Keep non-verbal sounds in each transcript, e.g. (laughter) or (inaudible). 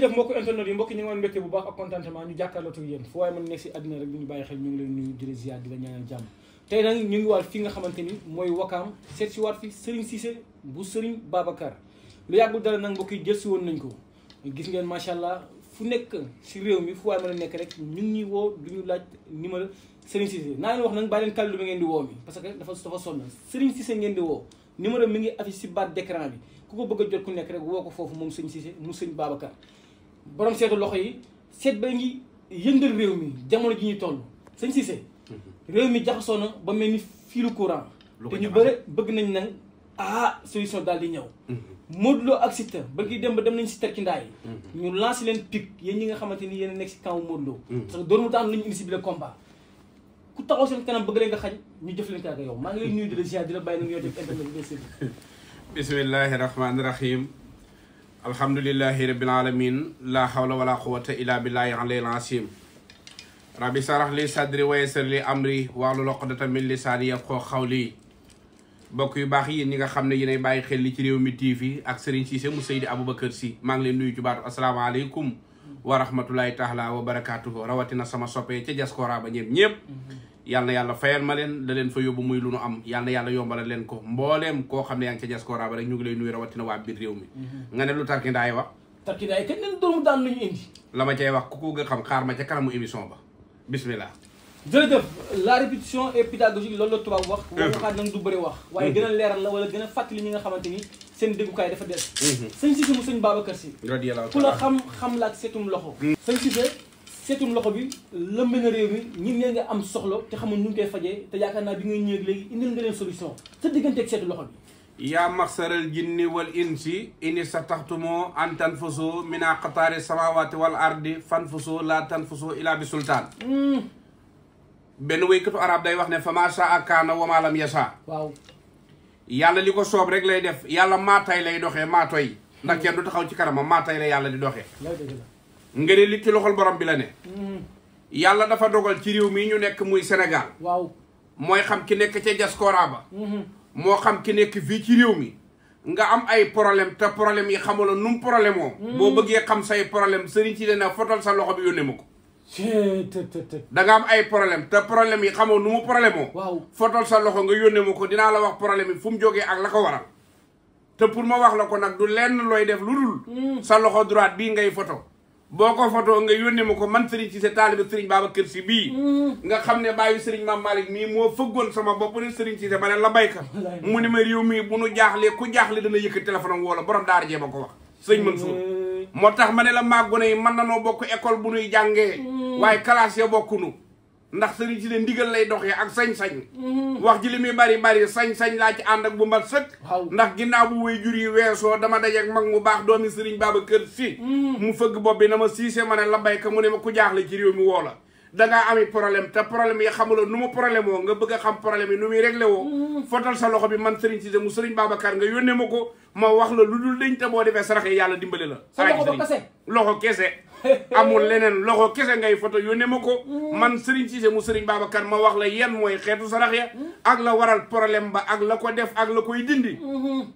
def mbokk internet yi mbokk ñu ngi woon mbégte bu baax ak contentement ñu nga xamante ni mooy wakaam seet si waat fi Serigne Cissé bu Serigne Babacar lu yàggul dara nag mbokk yi jël si woon nañ ko gis ngeen macha allah fu nekk si réew mi fu waaye mën a nekk rek ñu ngi ñuy woo du ñu laaj numéro Serigne Cissé naa wax nag bàyyi leen kàllu ngeen di woo mi parce que dafa dafa sonn Serigne Cissé ngeen di woo mi ngi affiché si baat d'écran bi ku ko bëgg a jot ku nekk rek woo ko foofu moom Serigne Cissé mu Serigne Babacar borom seetu loxo yi seet ba ngi yëndal réew mi jamono ji ñuy toll sëñ Cissé mhm. réew mi jaxasoo na ba mel ni fiilu courant te ñu bëri bëgg nañ nag ah solution daal di ñëw mhm. Modou Lo ak Siteu ba gi dem ba dem nañ si terkindaa yi mhm. ñu lancé leen pic yéen ñi nga xamante ni yéen nekk si kaw Modou Lo parce que doon mu daan lañu indi si bi le combat ku taxaw seen kanam bëgg leen nga xañ ñu jëf leen ak yow maa ngi lay nuyu di la ziar di la bàyyi na ñoo (laughs) alhamdulillahi rabbil alamin la hawla wala quwwata illa billahi alil rabbi sarax li sadri wa yassir li amri wahlul uqdatan min lisani yafqahu qawli mbokk yu baax yi ñi nga xam ne yéenay bàyyi xel li ci réew mi TV ak Serigne Cissé mu Seydi Aboubacar Sy maa ngi leen nuyu ci baatu asalaamaaleykum wa rahmatulahi taala wa barakaatuhu rawatina sama soppee ca jaskoora ba ñëpp ñëpp yàlla yàlla fayal ma leen da leen fa yóbbu muy lu nu am yàlla yàlla yombalal leen ko mbooleem koo xam ne yaa ngi ca diaspora ba rek ñu ngi lay nuyu mm-hmm. lu tarkindaay wax tarkindaay kenn leen doomu daan lu indi la ma cay wax ku ko nga xam xaar ma ca kanamu émission ba bismillah jërëjëf la répétition est pédagogique loolu la tubaab wax wala waxaat nag du bëri wax waaye mm-hmm. gën a leeral la wala gën a fàttali ñi nga xamante ni seen déggukaay dafa des mm-hmm. sëñ Cissé mu sëñ Babacar Sy ku la xam xam la ak seetum loxo mm. seetum loxo bi lëmb na réew mi ñun ñee am soxla te xamul nu ñu koy fajee te yaakaar naa bi ngay ñëw léegi la nga leen solution sa diggante ak seetu loxo bi yaa maxsaral jinni wal insi ini sa taxtumoo an tanfusu mina qataari samawati wal ardi fanfusu la tanfusu ila bi sultaan hmm. benn wéykatu arab day wax ne fama saa kaana wa ma lam yasaa waaw yàlla li ko soob rek lay def yàlla maatay lay doxee maatoy ndax kenn du taxaw ci kanamam maatay la yàlla di doxee nga ne li ci loxol borom bi la ne. Hmm. yàlla dafa dogal ci réew mii ñu nekk muy Sénégal. waaw mooy xam ki nekk ca diaspora ba. Hmm. moo xam ki nekk fii ci réew mi. nga am ay problème te problème yi xamuloo nu mu problème woo. Hmm. boo bëggee xam say problème sëriñ si dana sa loxo bi yónnee ma ko. da nga am ay problème te problème yi xamoo nu mu problème woo. fotal sa loxo nga yónnee ma ko dinaa la wax problème yi fu mu jógee ak la ko waral. te pour ma wax la ko nag du lenn looy def lu dul. sa loxo droite bii ngay foto. boo ko fotoo nga yónnee ma ko man Serigne Cissé taalibe Serigne kër si bii mm-hmm. nga xam ne baa Serigne Mame Malick mii moo fëggoon sama bopp ne Serigne Cissé ma ne la béyka mu ne ma réew mii bu nu jaaxlee ku jaaxle dana yëkk téléphone am woo la borom daara jee ma ko wax man Mansour mm-hmm. moo tax ma ne la maa gone yi na nanoo bokk école bu nuy jàngee mm-hmm. waaye classe ya bokkunu ndax sëriñ si ne ndigal lay doxee ak sañ-sañ mhm. wax ji li muy bari bari sañ-sañ laa ci ànd ak bu mbat sëkk ndax ginnaaw bu way jur yi weesoo dama dajeek mag mu baax doomi sëriñ Babacar Si mhm. mu fëgg bopp bi na ma siise ma ne la bayka mu ne ma ku jaaxle ci réew mi woo la dangaa ami problème te problème yi xamuloo nu mu problème woo nga bëgg xam problème yi nu muy réglé woo mhm. fotal sa loxo bi man sëriñ Cissé mu sëriñ Babacar nga yónnee ma ko ma wax la lu dul dañ te boo defee sarax yàlla dimbali la sa amul leneen loxo kese ngay photo yónnee ma ko mm. man Serigne Cissé mu sëriñ Serigne kan ma wax la yan mooy xeetu sarax ya mm. ak la waral problème ba ak la ko def ak la koy dindi mm-hmm.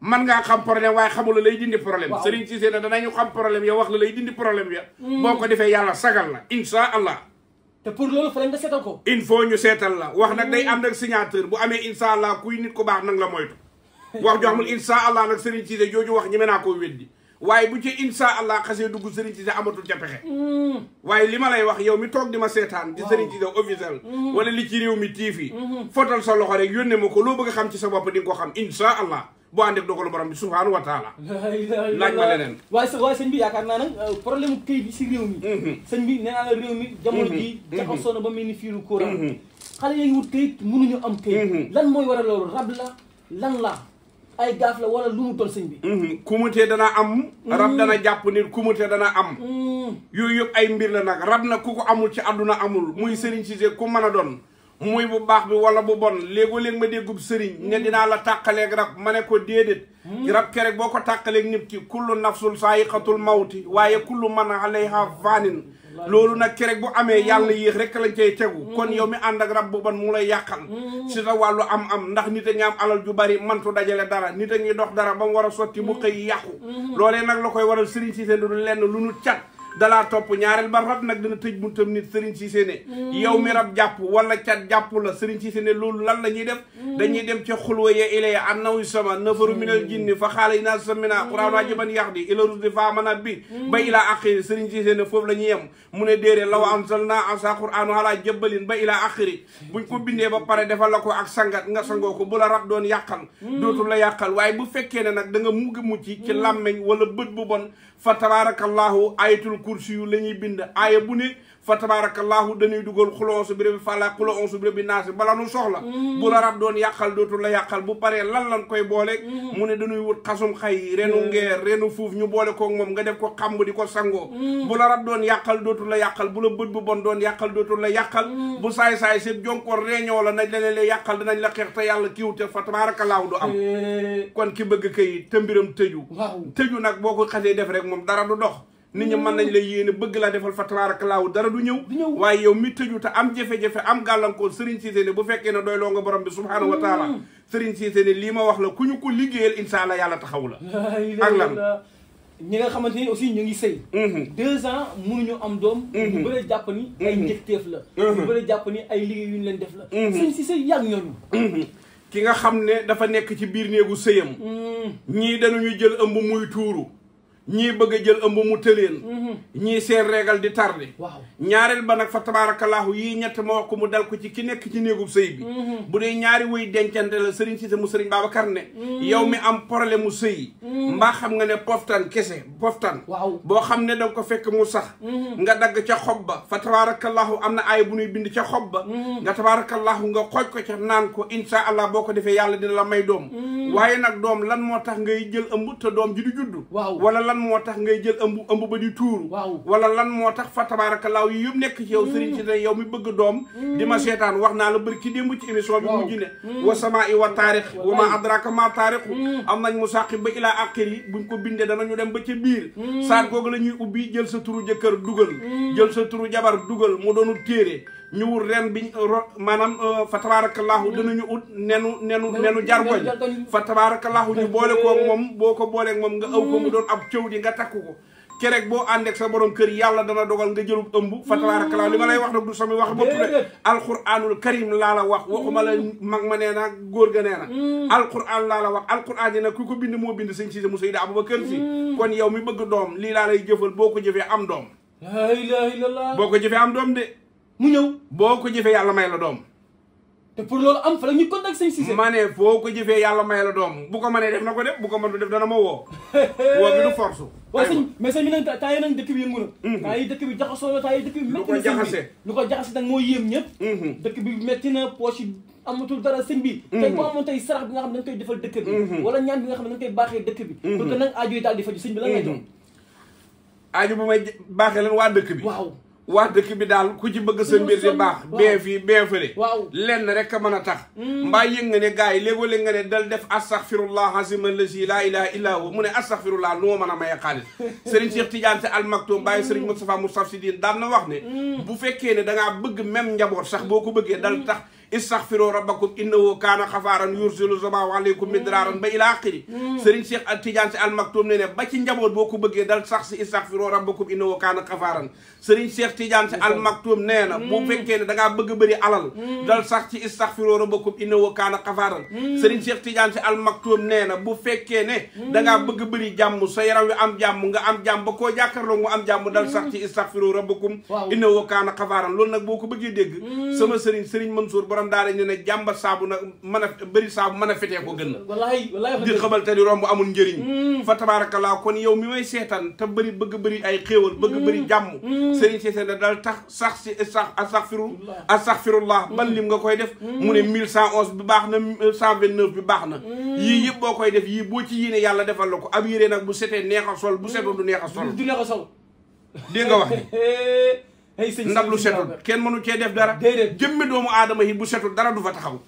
man ngaa xam problème waaye xamula lay dindi problème Serigne Cissé na danañu xam problème ya wax la lay dindi problème ya mm. boo ko defee yàlla sagal la insha allah te pour ko il faut ñu seetal la wax nag day ànd ak signature bu amee insha allah kuy nit ku baax nag la moytu wax ju amul insha allah nag Serigne Cissé jooju wax ñi mën naa koo weddi waaye bu ci insha allah xasee dugg Serigne Cissé amatul ca pexe waaye li ma lay wax yow mi toog di ma seetaan di Serigne Cissé officiel mm-hmm. wala li ci réew mi tiifi mm-hmm. fotal sa loxo rek yónnee ma ko loo bëgg xam ci sa bopp di ko xam insha allah boo a ak dogalu borom bi subhaanahu wa taala laaj ma leneen waaye sa waaye sëñ bi yaakaar naa nag euh, problème këy bi si réew mi mm-hmm. sëñ bi nee naa la réew mi jamono ji jaxasoo na ba mel ni fiiru kóora xale yaa ngi wut këyit mënuñu am këyit lan mooy waral loolu rab lan la ay gaaf la wala lu mu toll sëñ bi mhm. kumute dana am rab mhm. dana jàpp nit kumute dana am mhm. yooyu yëpp ay mbir la nag rab na ku ko amul ci àdduna amul muy Serigne Cissé ku mën a doon muy bu baax bi wala bu bon léegoo-léeg ma gub sëriñ ne dinaa la tàqaleeg rab ma ne ko déedéet rab ke rek boo ko tàqaleeg nit ki kullu nafsul saayiqatul mawti waaye kullu man alayha fanin loolu nag kerek bu amee yàlla yéex rek lañ cay tegu kon yow mi ànd ak rab bu ban mu lay yàqal si sa wàllu am am ndax nit a am alal ju bari mantu dajale dara nit a ngi dox dara ba mu war a sotti mu xëy yàqu mm-hmm. loolee nag la koy waral sëriñ si seen du lenn lu nu cat dalaa topp ñaareel ba rab nag dana tëj buntam nit Serigne Cissé ne mm. yow mi rab jàpp wala cat jàpp la Serigne Cissé ne loolu lan la ñuy def mm. dañuy dem ca xulwa ya ilaya annawu sama nafaru mm. minal jinni fa xaala naa samina quraan a yax di ila rusdi fa mana bi ba ilaa axiri Serigne Cissé ne foofu la ñuy yem mu ne déere law anzalna asa qur'aanu ala jabalin ba ilaa axiri buñ ko bindee ba pare defal la ko ak sangat nga sangoo ko bu la rab doon yàqal dootul la yàqal waaye bu fekkee ne nag danga nga mugg mucc ci làmmeñ wala bët bu bon fa tabaarakallaahu ayatul kursi yu la ñuy bind aaya bu ne fa tabarakallahu dañuy dugal xulon su béré bi fàlla xulon su béré bi naasi bala nu soxla mm-hmm. bu la rab doon yàqal dootul la yàqal bu paree lan lan koy booleeg mm-hmm. mu ne dañuy wut xasum xay renu mm-hmm. ngeer renu fuuf ñu boole koog moom nga def ko xamb di ko sangoo bu la rab doon yàqal dootul la yàqal bu la bët bu bon doon yàqal dootul la yàqal bu saay-saay seen jonkoor réñoo la nañ la lay yàqal danañ la xeex te yàlla kiiwute fa tabarakallahu du am eh. kon ki bëgg kay te mbiram tëju tëju nag boo ko xasee def rek moom dara du dox nit ñi mën nañ la yéene bëgg laa defal fa tabaarakalaahu dara du ñëw waaye yow mi tëju te am jafe-jafe am gàllankoor Serigne Cissé ne bu fekkee ne doyloo nga borom bi subhaanahu wa taala mm. Serigne lii ma wax la ku ñu ko liggéeyal incha allah yàlla taxaw la ak lan ñi nga xamante ni aussi ñu ngi sëy mm-hmm. deux ans mënuñu am doom mm-hmm. ñu bëri jàpp ni ay mm-hmm. njëkteef la ñu bëri jàpp ni ay liggéey yu ñu leen def la Serigne Cissé yàgg ñooñu ki nga xam ne dafa nekk ci biir néegu sëyam mm. ñii dañuñu jël ëmb muy tuuru ñii bëgg a jël ëmb mu tëleen mhm. ñii seen régal di tardé waaw ñaareel ba nag fa tabaarakallaahu yi ñett ma wax ko mu dal ko ci ki nekk ci néegub sëy bi mhm. bu dee ñaari wuy dencante la sëriñ Cissé mu sëriñ Babacar ne mhm. yow mi am problème mu sëy mbaa xam nga ne poftan kese poftan waaw boo xam ne danga ko fekk mu sax nga dagg ca xob ba fa tabaarakallaahu am na ay bu nuy bind ca xob ba nga tabaarakallaahu nga xooj ko ca naan ko insha allah boo ko defee yàlla dina la may doom waaye nag lan moo tax ngay jël ëmb doom ji du lan moo tax ngay jël ëmb ëmb ba di tuuru wala lan moo tax fa tabarakalaaw yi yëpp nekk ci yow mm. sëriñ si ne yow mi bëgg doom mm. di ma seetaan wax naa la bëri ki démb ci émission bi mujj ne mm. wa samaa i wa taarix wa ma adraka ma taarixu am nañ mu sàqi ba ilaa àqir yi buñ ko bindee dana ñu dem ba ca biir saat googu la ñuy ubbi jël sa turu jëkkër dugal jël sa turu jabar dugal mu doonu téere ñu wut ren biñ maanaam euh, fa tabaarakallaahu dinañu ut nenu nenu nenu jargoñ fa tabaarakallaahu ñu boole koog moom boo ko booleeg moom nga aw ko mu mm. doon ab cëw di nga takku ko kerek boo ànd sa borom kër yàlla dana dogal nga jëlub ëmb fa tabaarakallaahu li ma lay wax nag du sami wax bopp de alquranul karim laa la wax waxuma la mm. mag ma nee naa góor ga nee na al mm. alquran laa la wax alquran dina ku ko bind moo bind sëñ Cissé mu Seydi Aboubacar Si kon yow mi bëgg doom lii laa lay jëfal boo ko jëfee am doom mu ñëw boo ko jëfee yàlla may la doom te pour loolu am fa la ñu contact sëñ Cissé ma boo ko jëfee yàlla may la doom bu ko mënee def na bu ko mënul def dana ma woo (laughs) woo bi du force waaw sëñ mais bi nag taay nañ dëkk bi yëngu mm-hmm. bi jaxasoo na na sëñ bi lu ko jaxase nag mm-hmm. na mm-hmm. xam ne dañ koy defal dëkk bi wala ñaan bi nga xam ne dañ koy baaxee dëkk bi pour que nag aajo bi lan ngay doon aajo bu may baaxee leen waa dëkk bi waa dëkk bi daal ku ci bëgg sa mbir di baax bee fii bee fële waaw lenn rek a mën a tax mm. mbaa yëg nga ne gars yi léegoo-léeg nga ne dal def astaxfirullah aziman lasi laa ilaha illaa hu mu ne astaxfirullah lu ma mën a maye xaalis sëriñ (laughs) Cheikh Tidiane si almaktoum bàyyi sëriñ Moustapha Moustapha si diin daan na wax ne mm. bu fekkee ne dangaa bëgg même njaboot sax boo ko bëggee dal tax istaxfiru rabbakum innahu kaana xafaaran yursilu samaa'a aleykum midraaran ba ila axiri mm. mm. sëriñ Cheikh al Tidiane si almaktum ne ne ba ci njaboot boo ko bëggee dal sax si istaxfiru rabbakum innahu kaana xafaaran sëriñ mm. bu fekkee ne da ngaa bëgg bëri alal dal sax ci istaxfiru rabbakum innahu kaana xafaaran sëriñ Cheikh Tidiane si almaktum nee na bu fekkee ne da ngaa bëgg bëri jàmm sa yaram wi am jàmm nga am jàmm ba koo jàkkaarloo mu am jàmm dal sax ci istaxfiru rabbakum innahu kaana xafaaran loolu nag boo ko bëggee dégg sama sëriñ sëriñ Mansour borom daara ñu ne jàmbat saabu nag mën a bëri saabu mën a fetee ko gën na walaay walaay di xamal te di romb amul njëriñ hmm. fa tabaarakallaa kon yow mi may seetaan te bëri bëgg bëri ay xéewal bëgg bëri hmm. jàmm hmm. sëriñ si seen daal tax sax si sax astaxfiru astaxfirullah ban lim nga koy def mu ne mille cent onze bi baax na cent vingt bi baax na yii yëpp boo koy def yii boo ci yéene yàlla defal ko ab yére nag bu setee neex a sol bu setoo du neex a sol du neex a sol dégg nga wax (laughs) ndab lu setul kenn mënu cee def dara jëmmi doomu aadama yi bu setul dara du fa taxaw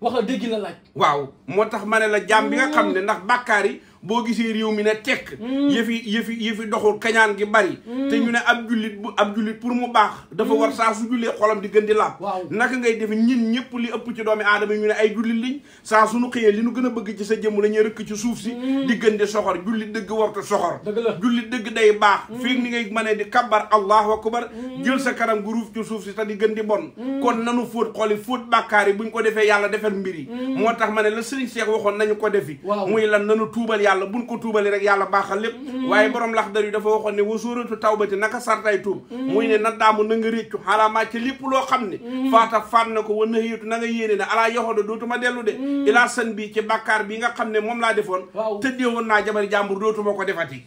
wax la dégg la laaj waaw moo tax ma ne la jaam bi nga xam ne ndax bàkkaar yi boo gisee réew mi ne tekk mm. yëfi yëfi yëfi doxul kañaan gi bari mm. te ñu ne ab jullit bu ab jullit pour mu baax dafa mm. war saa su jullee xolam di gën di laab naka ngay defe ñin ñëpp li ëpp ci doomi aadama yi ñu ne ay jullit liñ saa suñu xëyee li nu gën a bëgg ci sa jëmm la ñuy rëkk ci suuf si di gën di soxor jullit dëgg wartu soxor jullit dëgg day baax fii ni ngay mënee di kabbar allahu akbar jël sa kanam gu ruuf suuf si te di gën di bon kon nanu fóot xoli fóot bàkkaar bu buñ ko defee yàlla defal mbir yi moo tax ma ne la sëriñ Seex waxoon nañu ko defi muy lan nanu tuubal yàlla buñ ko tuubali rek yàlla baaxal lépp mm-hmm. waaye borom lax dar yi dafa waxoon ne wasuratu tawbati naka sartay tuub mm-hmm. muy ne na daamu na nga réccu xalaamaa ci lépp loo xam ne mm-hmm. faata faat na ko wa na yéetu na nga ne alaa yoxodo dootuma dellu de ilaa san bi ci bàkkaar bi nga xam ne moom laa defoon tëddee woon naa jabari jàmbur dootuma ko defati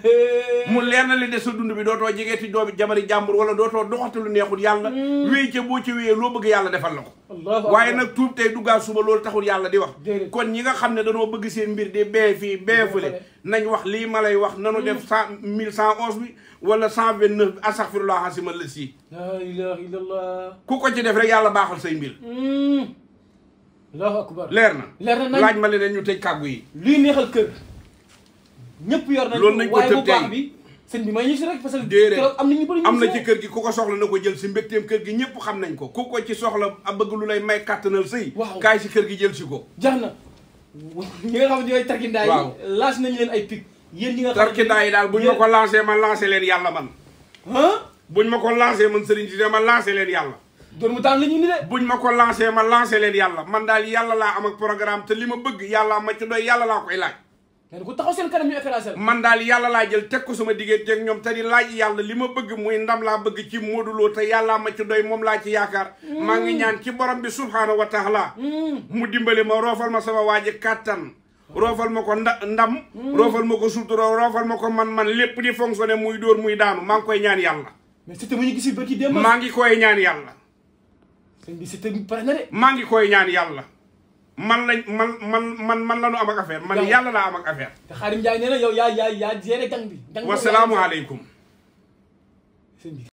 (laughs) mu leer na li de sa dund bi doo dootoo jegeeti doobi jabari jàmbur wala dootoo doxati lu neexul yàlla wéy ca boo ci wéyee loo bëgg yàlla defal la ko waaye nag tuub tey duggaat suba loolu taxul yàlla di wax kon ñi nga xam ne danoo bëgg seen mbir di bee fii bee fële nañ wax lii ma lay wax nanu def hmm. cent mille cent onze bi wala cent vingt neuf bi astaxfirullah asima la sii laa ilaha illallah ku ko ci def rek yàlla baaxal say mbir hmm. allahu akbar leer na leer na laaj ma leneen ñu tëj kàggu yi lii neexal kër ñëpp yor nañ loolu nañ ko tëb tey sëñ bi may ñu si rek parce déedéet am na ñu bëri am na gi ku ko soxla na ko jël si mbégteem kër gi ñëpp xam nañ ko ku ko ci soxla a bëgg lu lay may kàttanal sëy waaw kaay si kër gi jël si ko jeex na ñi nga xam ne ñooy tarkindaa yi lancé leen ay pic yéen ñi nga xam tarkindaa yi daal buñ ma ko lancé ma lancé leen yàlla man buñ ma ko lancé man sëriñ si ma lancé leen yàlla doon mu ñu ni de buñ ma ko lancé ma lancé leen yàlla man daal yàlla laa am ak programme te li ma bëgg yàlla ma ci doy yàlla laa koy laaj nee na ku seen kanam ñu écrasé man daal yàlla laa jël teg ko sama diggante ak ñoom te laaj yàlla li ma bëgg muy ndam laa bëgg ci Modou Lo te yàllaa ma ci doy moom laa ci yaakaar mm. maa ngi ñaan ci borom bi subhaanahu wa taala mm. mu dimbali ma roofal ma sama waaji kàttan roofal ma ko nda ndam mm. roofal ma ko sutura roofal ma ko man-man lépp di fonctionné muy dóor muy daanu maa ngi koy ñaan yàlla mais Siteu mu ñu gis ba ci démb maa ngi koy ñaan yàlla sëñ bi na maa ngi koy ñaan yàlla man lañ man man man man la ñu am ak affaire man yàlla laa am ak affaire. te Xaadim Njaay nee na yow yaa yaa yaa géré gang bi. gang bi wa salaamu aleykum.